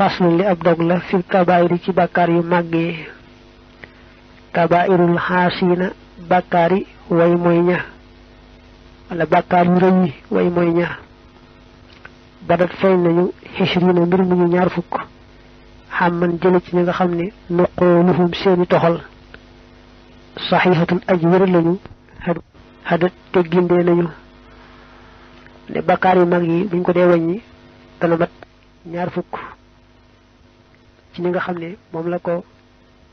fasl li ab dog la fi kabairi ci bakkaar yu magge kabairul hasina bakari way moy nya wala bakar yu rëy way moy nya badat fay nañu hisrina mbir mu ñu ñaar fukk jël ci nga seeni toxal sahihatul ajwar lañu hadat teggindee nañu le bakari magi buñ ko dé wañi ñaar fukk ci nga xamne ne la ko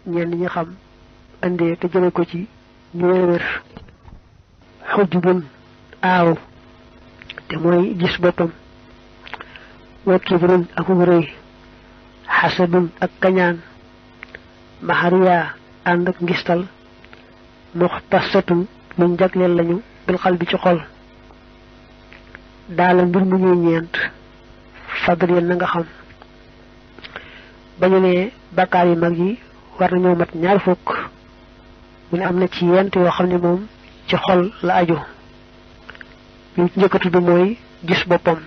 ñen ñi xam ande te jëme ko ci ñu wër xujbun aaw te moy gis boppam wa kibrun ak rëy xasadun ak kañaan mahariya and ak ngistal muxtasatun mu jagleel lañu bil xalbi ci xol daala mbir mu ñu ñent ya na nga xam ba ne bakkaar yi mag yi war nañoo mat ñaar fukk mu ne am na ci yent yoo xam ne moom ci xol la aju bi njëkk a mooy gis boppam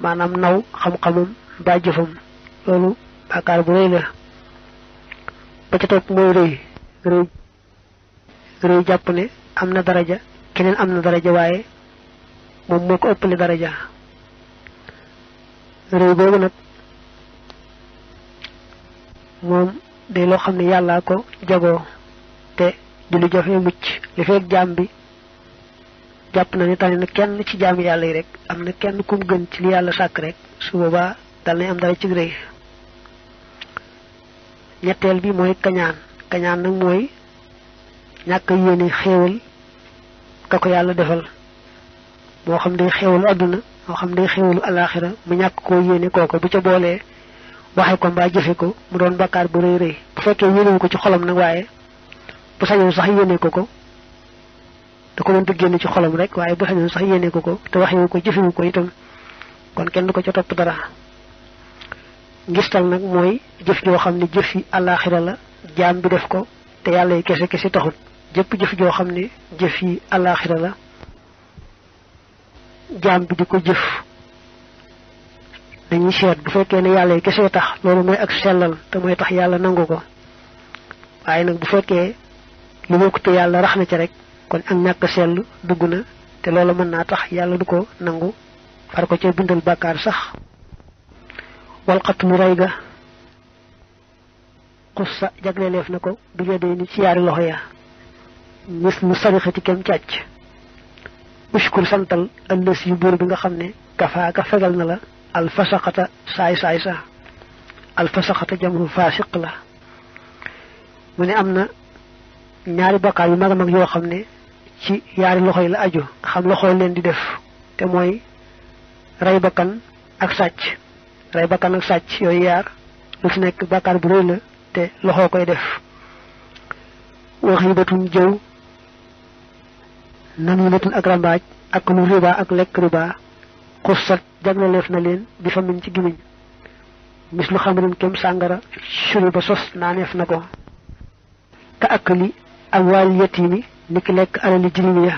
maanaam naw xam-xamam ba jëfam loolu bakkaar bu rëy la ba ca topp mooy rëy rëy jàpp ne am na daraja keneen am na daraja waaye moom moo ko ëppale daraja réew boobu nag moom day loo xam ne yàlla ko jagoo te di lu jafee mucc li fekk jaam bi jàpp na ne tane na kenn ci jaami yàlla yi rek am na kenn kum gën ci li yàlla sàkk rek su boobaa dal nañ am dara ci rëy ñetteel bi mooy kañaan kañaan nag mooy ñàkk yéene xéewal ka ko yàlla defal moo xam day xéewalu àdduna moo xam day xéewalu alaaxira mu ñàkk koo yéene kooko bu ca boolee waxe ko mbaa jëfe ko mu doon bakkaar bu rëy rëy bu fekkee yéenewu ko ci xolam nag waaye bu sañoon sax yéene ko ko te ko doon di génn ci xolam rek waaye bu sañoon sax yéene ko ko te waxewu ko jëfewu ko itam kon kenn du ko ca topp dara ngistal nag mooy jëf joo xam ne jëf yi àllaaxira la jaam bi def ko te yàlla yi kese kese taxut jëpp jëf joo xam ne jëf yi la jaam bi di ko jëf dañuy seet bu fekkee ne yàlla kese tax loolu mooy ak sellal te mooy tax yàlla nangu ko waaye nag bu fekkee lu bokkute yàlla rax na ci rek kon ak ñàkk sell dugg na te loolu mën naa tax yàlla du ko nangu far ko ca bindal bàkkaar sax wal xatmu rey ga xussa jagleleef na ko bi ni ci yaari loxo ya mu ci kem càcc ushkur santal ëllës yu buur bi nga xam ne ka fegal na la alfasaxata saay saay sa alfasaxata jamono faasiq la mu ne am na ñaari bakkaar yu mag a yoo xam ne ci yaari loxo yi la aju xam loxo leen di def te mooy rey bakkan ak sàcc rey bakkan sàcc yooyu yaar lu ci nekk bakkaar bu rëy la te loxoo koy def wax yi batun jëw nan yi batun ak rambaaj ak lu riba ak lekk riba xursat jagleleef na leen bi fa ci gimiñ mis lu xamarin kem sàngara suri ba sos naaneef na ko ka ak li amwaal yatiimi ni ki lekk alali jirim ya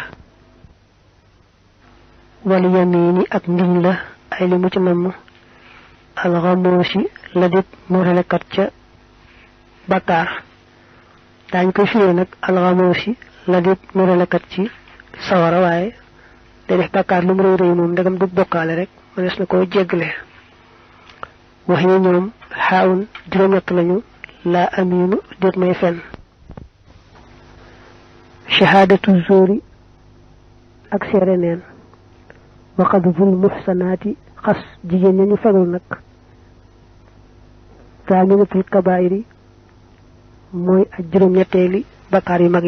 wala yamiini ak ngiñ la ay li mu ci namm alxamoosi la dib morelekat ca bakkaar daañ koy firee nag alxamoosi la dib morelekat ci sawara waaye day def bàkkaar lu mu réew mom moom du bokale rek mo na koo jéggale wax ni ñoom xaawun juroom ñatt lañu la aminu jot may fen shahadatu zuri ak seere wa qad zul muhsanati khas jigéen ña ñu fegul nag zaaminatul kabaayiri mooy ak juroom ñetteli bakkaar yu mag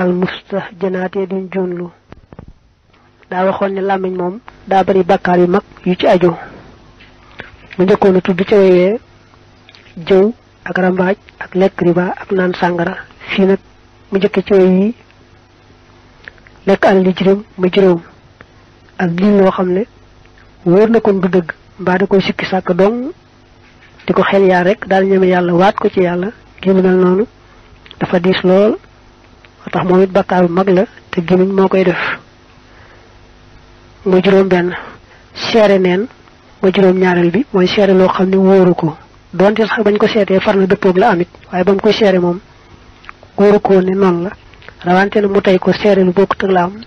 al mustahjanati din junlu daa waxoon ne làmmiñ moom daa bari bàkkaar yu mag yu ci aju mu njëkkoon a tudd ca wewee jëw ak rambaaj ak lekk riba ak naan sàngara fii nag mu njëkkee ci wey yi lekk alal yi juróom ma juróom ak lii loo xam ne wér na kon du dëgg mbaa da koy sikki sàkk doŋ di ko xel yaa rek daal ñeme yàlla waat ko ci yàlla gémmi nal noonu dafa diis lool moo tax moom it bakkaaru mag la te gémmiñ moo koy def mooy juróom benn seere neen mooy juróom ñaareel bi mooy seere loo xam ne wóoru ko donte sax bañ ko seetee far na dëppoog la amit waaye ba koy seere moom wóoru ko ne noonu la rawante na mu tey ko seere lu bokkut ak la am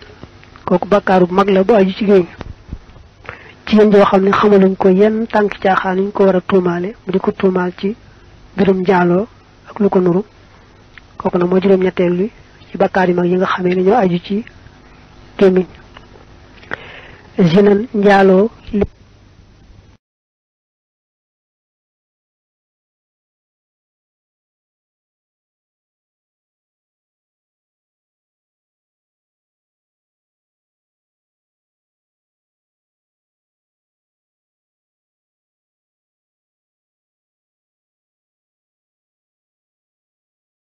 kooku bakkaaru mag la bu aju ci ci jigéen joo xam ne xamaluñ ko yenn tànk caaxaan ñu ko war a tuumaale mu di ko tuumaal ci mbirum njaaloo ak lu ko nuru kooku nag mooy juróom-ñetteel bi ci bàkkaar yi mag yi nga xamee ne aju ci zinal njaaloo lépp